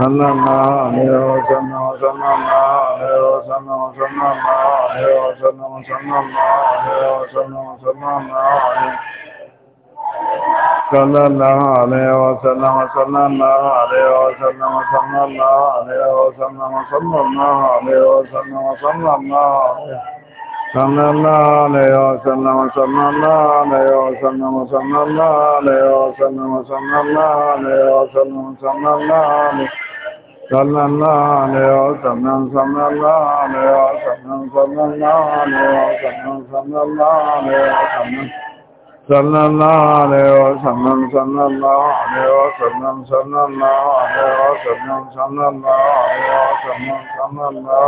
သမ္မာမာနေရောသမ္မာသမ္မာမာနေရောသမ္မာသမ္မာမာနေရောသမ္မာသမ္မာမာနေရောသမ္မာသမ္မာမာသလနာနေရောသနမသနနာနေရောသနမသနနာနေရောသနမသနနာနေရောသနမသနနာသမဏလေယောသမဏသမဏလေယောသမဏသမဏလေယောသမဏသမဏလေယောသမဏသမဏလေယောသမ္မနာနေယောသမံသမ္မနာနေယောသမံသမ္မနာနေယောသမံသမ္မနာနေယောသမံသမ္မနာနေယောသမံသမ္မနာနေယောသမံသမ္မနာနေယောသမံသမ္မနာနေယောသမံသမ္မနာ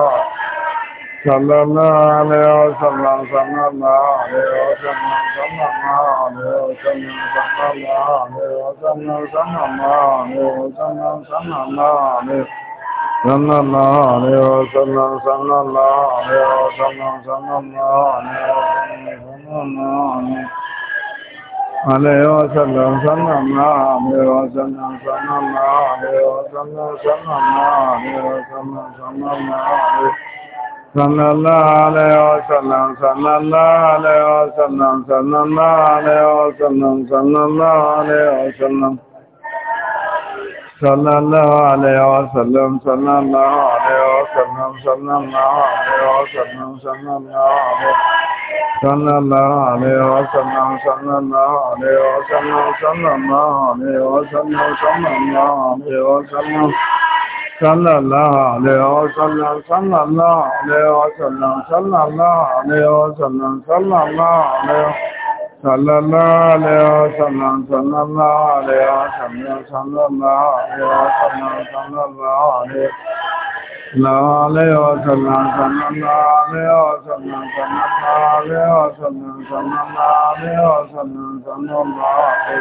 သမ္မာနာလေယောသမ္မာသမ္မာနာလေယောသမ္မာသမ္မာနာလေယောသမ္မာသမ္မာနာလေယောသမ္မာသမ္မာနာလေယောသမ္မာသမ္မာနာလေသမ္မာနာလေယောသမ္မာသမ္မာနာလေယောသမ္မာသမ္မာနာလေယောသမ္မာသမ္မာနာလေအလေယောသမ္မာသမ္မာနာလေယောသမ္မာသမ္မာနာလေယောသမ္မာသမ္မာနာလေယောသမ္မာသမ္မာနာလေသမ္မာလာလေယောသမ္မာလာလေယောသမ္မာလာလေယောသမ္မာလာလေယောသမ္မာသမ္မာလာလေယောသမ္မာလာလေယောသမ္မာလာလေယောသမ္မာလာလေယောသမ္မာလာလေယောသမ္မာလာလေယောသမ္မာလာလေယောသမ္မာလာလေယောသမ္မာလာလေယောသမ္မာဆလလာလေဩဆလံဆလလာလေဩဆလံဆလလာလေဩဆလံဆလလာလေဆလလာလေဩဆလံဆလလာလေဩဆလံဆလလာလေဩဆလံဆလလာလေလာလေဩဆလံဆလလာလေဩဆလံဆလလာလေဩဆလံဆလလာလေဩဆလံဆလလာလေ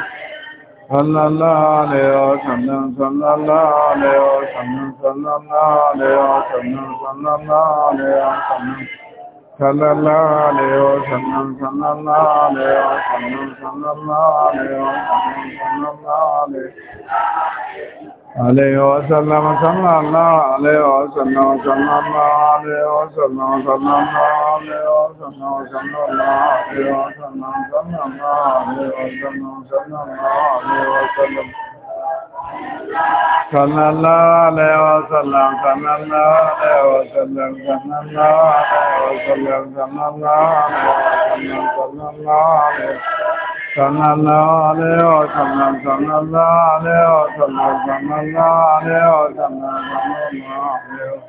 ဆလလာလေယောသမံဆလလာလေယောသမံဆလလာလေယောသမံဆလလာလေယောသမံ sallallahu alaihi wa sallam sallallahu alaihi wa sallam sallallahu alaihi wa sallam sallallahu alaihi عليه وسلم صلى الله عليه وسلم صلى الله عليه وسلم صلى الله عليه وسلم صلى الله عليه وسلم صلى الله عليه وسلم صلى الله عليه وسلم သနလာလေဝသလံသနလာလေဝသလံသနလာလေဝသလံသနလာလေဝသလံသနလာလေသနလာလေဝသလံသနလာလေဝသလံသနလာလေဝသလံသနလာလေ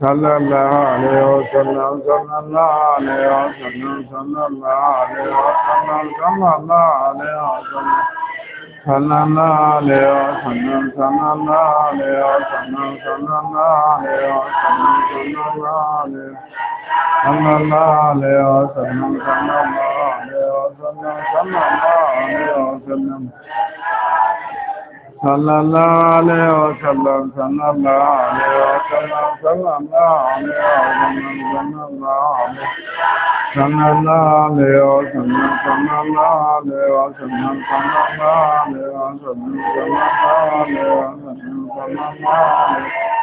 သလလာလေယောသနံသမနာလေယောသနံသမနာလေယောသနံသမနာလေယောသနံသမနာလေယောသနံသမနာလေယောသနံသမနာလေယောသနံသမနာလေသမနာလေယောသနံသမနာလေယောသနံသမနာလေယောသနံသလလာလေဩသလံသနလာလေဩသလံသလလာလေဩသနလာလေသနလာလေဩသနသနလာလေဩသနသနလာလေဩသနသနလာလေဩသနသနလာလေ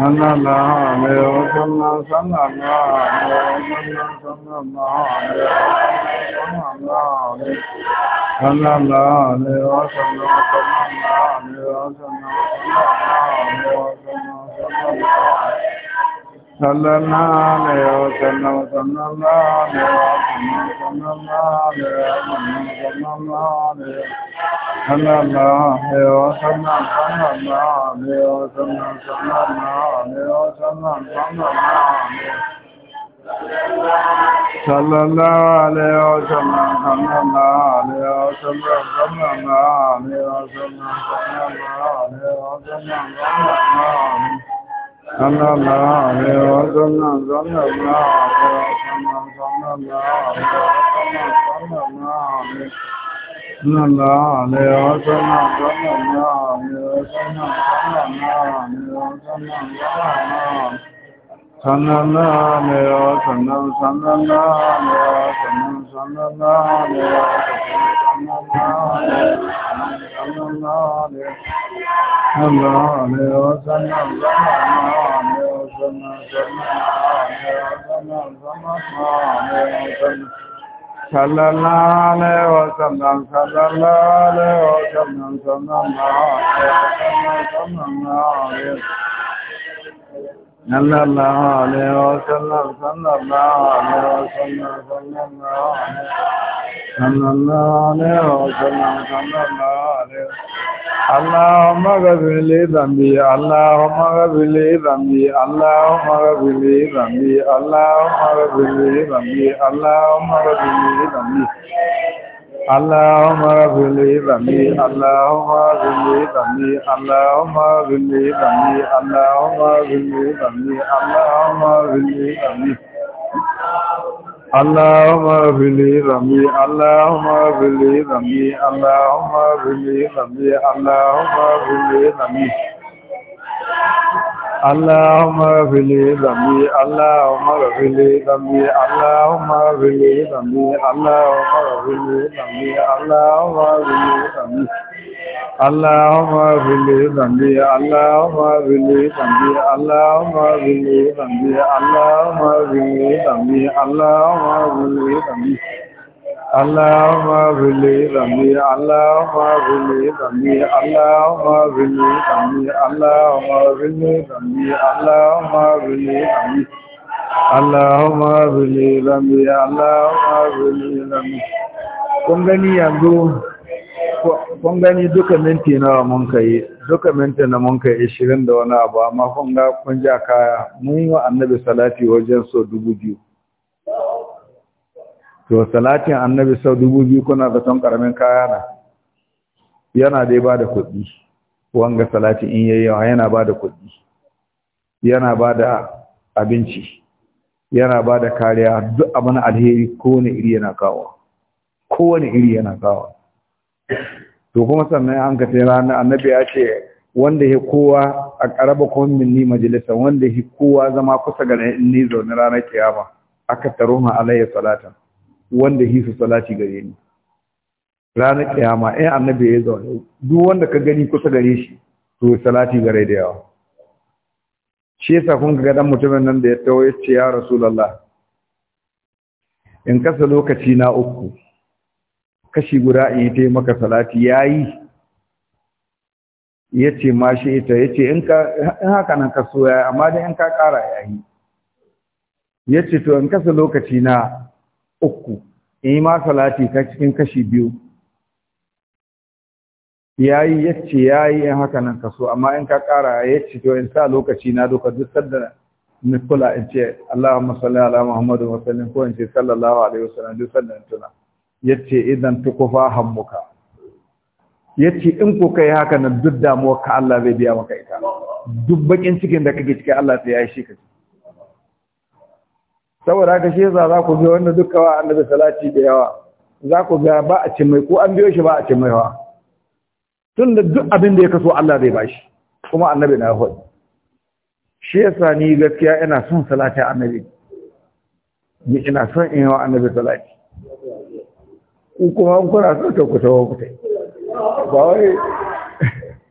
သန္နနာမေယသန္နသန္နနာမေယသန္နသန္နနာမေယသန္နနာမေယသန္နနာမေယသန္နသန္နနာမေယသန္နသန္နနာမေယသန္နသန္နနာမေယသန္နနာမေယသန္နသန္နနာမေယသန္နသန္နနာမေယသမ္မာမေယောသမ္မာသမ္မာမေယောသမ္မာသမ္မာမေယောသမ္မာသမ္မာမေယောသလလာလေယောသမ္မာသမ္မာမေယောသမ္မာသမ္မာမေယောသမ္မာသမ္မာမေယောသမ္မာသမ္မာမေယောသမ္မာသမ္မာမေယောသမ္မာသမ္မာမေယောသမ္မာသမ္မာမေယောနနာနေယောသနာသနာနာနေယောသနာသနာနာနေယောသနာသနာနာသနာနာနေယောသနာသနာနာနေယောသနာသနာနာနေယောသနာသနာနာနေယောသနာသနာနာနေယောသနာသနာနာနေယောသနာသနာနာနေယောသနာသနာနာနေယောသနာသလလာလေဝသမ္မံသလလာလေဝသမ္မံသမ္မာသေသမ္မာသမ္မာသေနန္ဒလာလေဩသန္နသန္နလာလေဩသန္နသန္နလာနန္ဒလာလေဩသန္နသန္နလာလေအလ္လာဟ်မဂဗီလေသံဒီအလ္လာဟ်မဂဗီလေသံဒီအလ္လာဟ်မဂဗီလေသံဒီအလ္လာဟ်မဂဗီလေသံဒီအလ္လာဟ်မဂဗီလေသံဒီ Alauma bili dami, Alauma bili dami. Alauma bili dami, Alauma bili dami, Alauma bili dami. Allahumma fili dhambi Allahumma fili dhambi Allahumma fili dhambi Allahumma fili dhambi Allahumma fili dhambi Allahumma fili dhambi Allahumma fili dhambi Allahumma fili dhambi Allahumma fili dhambi اللهم bili لي ذنبي اللهم اغفر لي bili اللهم اغفر bili اللهم bili لي اللهم اغفر لي اللهم yanzu kun gani duka minti nawa mun kai duka minti na mun kai ishirin da wani abu amma kun ga kun ja kaya mun wa annabi salati wajen so dubu biyu to salatin annabi sau dubu biyu kuna zaton karamin kaya na yana dai ba da kuɗi wanga salati in yayi yawa yana ba da kuɗi yana ba da abinci yana ba da kariya duk abin alheri kowane iri yana kawo kowane iri yana kawo to kuma sannan an ka sai ranar annabi ya ce wanda ya kowa a ƙaraba komin ni majalisa wanda ya kowa zama kusa ga ni zaune ranar kiyama aka taro ma alayya salatan wanda su salati gare ni ranar kiyama ɗaya eh, annabi ya zo duk wanda ka gani kusa gare shi to salati gare da yawa shi yasa kun ga dan mutumin nan da ya tawo ya ce ya rasulullah in kasa lokaci na uku kashi guda in yi ta maka salati yayi ya ce ma shi ita ya ce in haka nan ka so ya amma dai in ka ƙara ya yi ya ce to in kasa lokaci na uku in yi ma salati ta cikin kashi biyu yayi yace yayi in haka nan kaso amma in ka kara yace to in sa lokaci na duka duk sadda ni kula in ce Allahumma salli ala Muhammad wa sallim ko in ce sallallahu alaihi wasallam duk sadda tuna yace idan tukufa hammuka yace in ko kai haka nan duk damuwar ka Allah zai biya maka ita duk bakin cikin da kake cikin Allah sai ya shi kake saboda haka shi yasa za ku ga wannan dukkan wa annabi salati da yawa za ku ga ba a cin mai ko an biyo shi ba a cin mai wa tun da duk abin da ya kaso Allah zai bashi kuma annabi na hudu shi yasa ni gaskiya ina son salati annabi ni ina son in yi wa annabi salati ku kuma kuna son ta ku tawo ku tai ba wai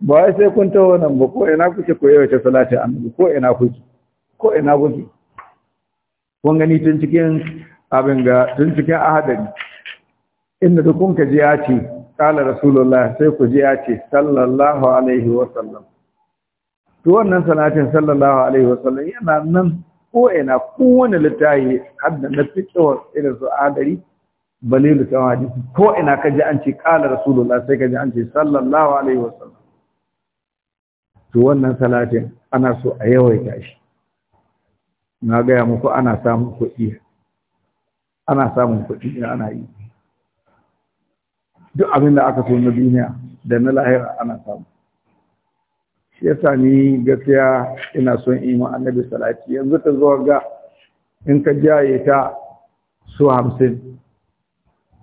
ba wai sai kun tawo nan ba ko ina kuke koyo ta salati annabi ko ina kuke ko ina kuke kun gani tun cikin abin ga tun cikin ahadari inda duk kun kaji ya ce kala rasulullah sai ku ji ya ce sallallahu alaihi wa sallam to wannan salatin sallallahu alaihi wa sallam yana nan ko ina kowane littafi hadda na fitowa irin su ahadari balilu kan hadisi ko ina ka ji an ce kala rasulullah sai ka ji an ce sallallahu alaihi wa sallam to wannan salatin ana so a yawaita shi na gaya muku ana samun kuɗi ana samun kuɗi ana yi duk abin da aka so na duniya da na lahira ana samu shi ya sa ni gaskiya ina son yi annabi salati yanzu ta zuwa ga in ka jaye ta su hamsin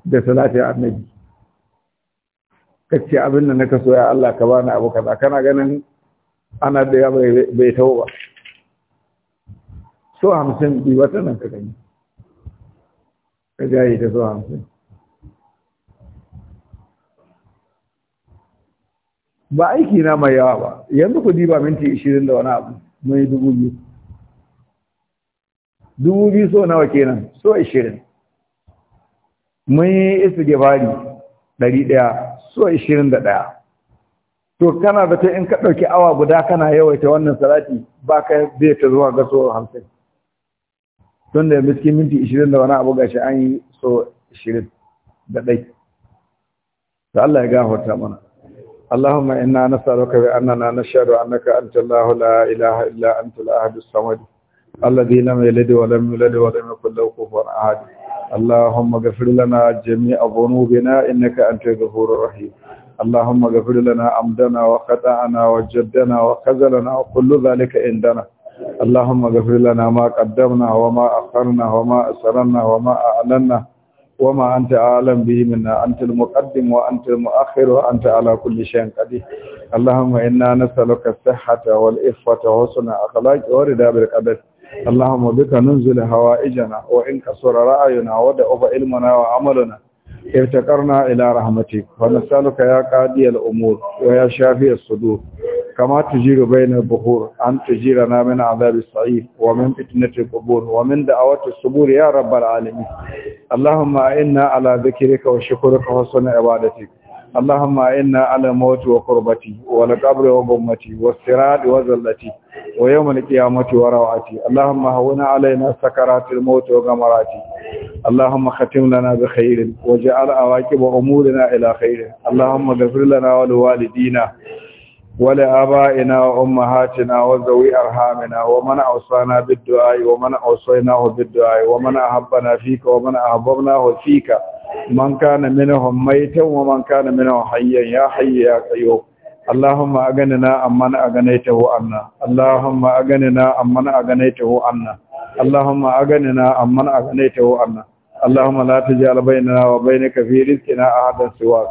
da salati annabi kace abin da na kaso ya Allah ka bani abu kaza kana ganin ana da ya bai tawo ba so hamsin bi wata nan ka gani ka jaye ta so hamsin ba aiki na mai yawa ba yanzu ku diba minti ishirin da wani abu mai dubu biyu dubu biyu so nawa kenan so ishirin mun yi isu gabari ɗari ɗaya so ishirin da ɗaya to kana da ta in ka ɗauki awa guda kana yawaita wannan salati ba ka zai ta zuwa ga so hamsin don da miskin minti 20 da wani abu gashi an yi so 20 da ɗai da Allah ya gafarta mana اللهم إنا نسألك بأننا نشهد أنك أنت الله لا إله إلا أنت الأحد الصمد الذي لم يلد ولم يولد ولم يكن له كفوا أحد اللهم اغفر لنا جميع ذنوبنا إنك أنت الغفور الرحيم اللهم اغفر لنا عمدنا وخطأنا وجدنا وخزلنا وكل ذلك عندنا اللهم اغفر لنا ما قدمنا وما أخرنا وما أسررنا وما أعلنا وما أنت أعلم به منا أنت المقدم وأنت المؤخر وأنت على كل شيء قدير اللهم إنا نسألك الصحة والإخفة وحسن أخلاق ورضا بالقدر اللهم بك ننزل هوائجنا وإن كسر رأينا ودعف علمنا وعملنا ارتقرنا الى رحمتك ونسألك يا قاضي الامور ويا شافي الصدور كما تجير بين البخور ان تجيرنا من عذاب الصعيد ومن فتنه القبور ومن دعوة الصبور يا رب العالمين اللهم انا على ذكرك وشكرك وحسن عبادتك اللهم إنا على الموت وقربتي والقبر وغمتي والسراد وزلتي ويوم القيامة وروعتي اللهم هون علينا سكرات الموت وغمراتي اللهم ختم لنا بخير وجعل أواكب أمورنا إلى خير اللهم اغفر لنا ولوالدينا wale aba'ina wa ummahatina wa zawi arhamina wa man awsana bid-du'a wa man awsaynahu bid-du'a wa man ahabbana fika wa man ahabbnahu fika man kana minhum maytan wa man kana minhum hayyan ya hayy ya qayyum allahumma aganina amma na aganaita hu anna allahumma aganina amma na aganaita hu anna allahumma aganina amma na aganaita hu anna اللهم لا تجعل بيننا وبينك في رزقنا أحدا سواك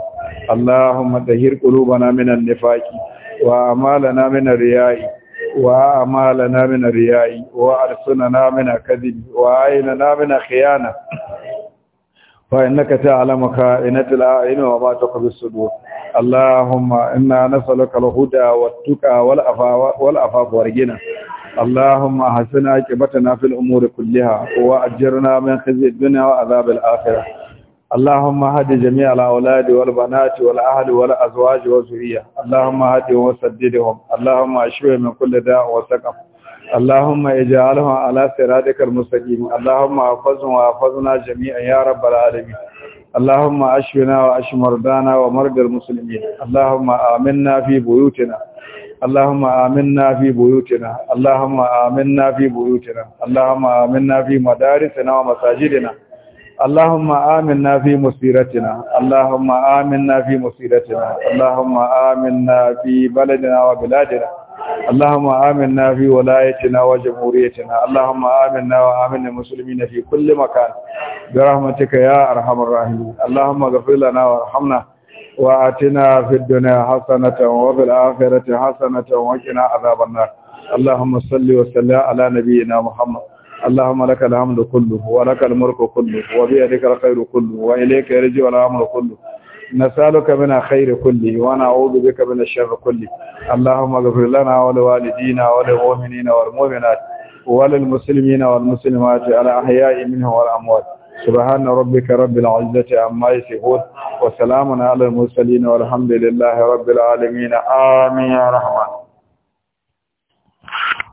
اللهم تهير قلوبنا من النفاق wa amalana min riyai wa amalana min riyai wa arsunana min kadhib wa aynana min khiyana fa innaka ta'lamu ka'inatul a'yun wa ma tukhfi as-sudur allahumma wal اللهم احسن عاقبتنا في الامور كلها واجرنا من خزي الدنيا وعذاب الاخره اللهم هد جميع الأولاد والبنات والأهل والأزواج والذرية اللهم هدهم وسددهم اللهم أشفهم من كل داء وسقم اللهم اجعلهم على صراطك المستقيم اللهم احفظهم واحفظنا جميعا يا رب العالمين اللهم اشفنا واشف مرضانا ومرضى المسلمين اللهم آمنا في بيوتنا اللهم آمنا في بيوتنا اللهم آمنا في بيوتنا اللهم آمنا في مدارسنا ومساجدنا اللهم آمنا في مسيرتنا اللهم آمنا في مسيرتنا اللهم آمنا في بلدنا وبلادنا اللهم آمنا في ولايتنا وجمهوريتنا اللهم آمنا وآمن المسلمين في كل مكان برحمتك يا أرحم الراحمين اللهم اغفر لنا وارحمنا وآتنا في الدنيا حسنة وفي الآخرة حسنة وقنا عذاب النار اللهم صل وسلم على نبينا محمد اللهم لك الحمد كله ولك الملك كله وبيدك الخير كله واليك يرجع الامر كله نسالك من خير كله ونعوذ بك من الشر كله اللهم اغفر لنا ولوالدينا وللمؤمنين والمؤمنات وللمسلمين والمسلمات الأحياء منهم والاموات سبحان ربك رب العزه عما يصفون وسلام على المرسلين والحمد لله رب العالمين امين يا رحمن